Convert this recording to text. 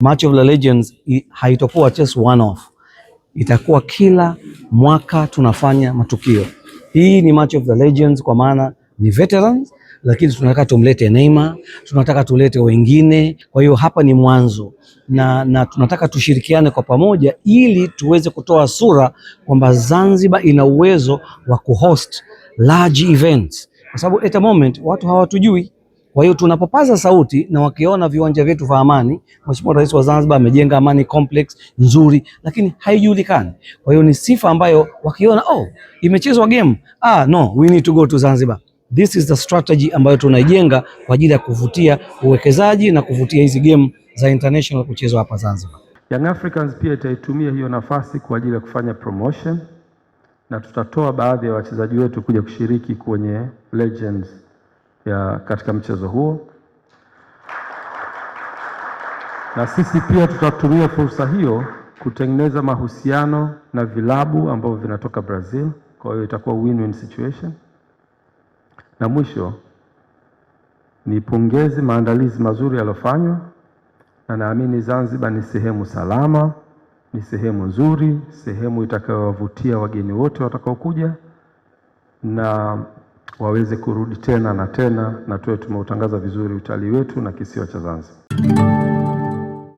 Match of the Legends haitokuwa just one off, itakuwa kila mwaka tunafanya matukio. Hii ni Match of the Legends kwa maana ni veterans, lakini tunataka tumlete Neymar, tunataka tulete wengine. Kwa hiyo hapa ni mwanzo na, na tunataka tushirikiane kwa pamoja ili tuweze kutoa sura kwamba Zanzibar ina uwezo wa kuhost large events, kwa sababu at the moment watu hawatujui. Kwa hiyo tunapopaza sauti na wakiona viwanja vyetu vya amani, Mheshimiwa Rais wa Zanzibar amejenga Amani Complex nzuri, lakini haijulikani. Kwa hiyo ni sifa ambayo wakiona oh, imechezwa game, ah no, we need to go to Zanzibar. This is the strategy ambayo tunaijenga kwa ajili ya kuvutia uwekezaji na kuvutia hizi game za international kuchezwa hapa Zanzibar. Young Africans pia itaitumia hiyo nafasi kwa ajili ya kufanya promotion na tutatoa baadhi ya wachezaji wetu kuja kushiriki kwenye Legends ya katika mchezo huo, na sisi pia tutatumia fursa hiyo kutengeneza mahusiano na vilabu ambavyo vinatoka Brazil. Kwa hiyo itakuwa win-win situation. Na mwisho nipongeze maandalizi mazuri yaliyofanywa, na naamini Zanzibar ni sehemu salama, ni sehemu nzuri, sehemu itakayowavutia wageni wote watakaokuja na waweze kurudi tena na tena na tuwe tumeutangaza vizuri utalii wetu na kisiwa cha Zanzibar.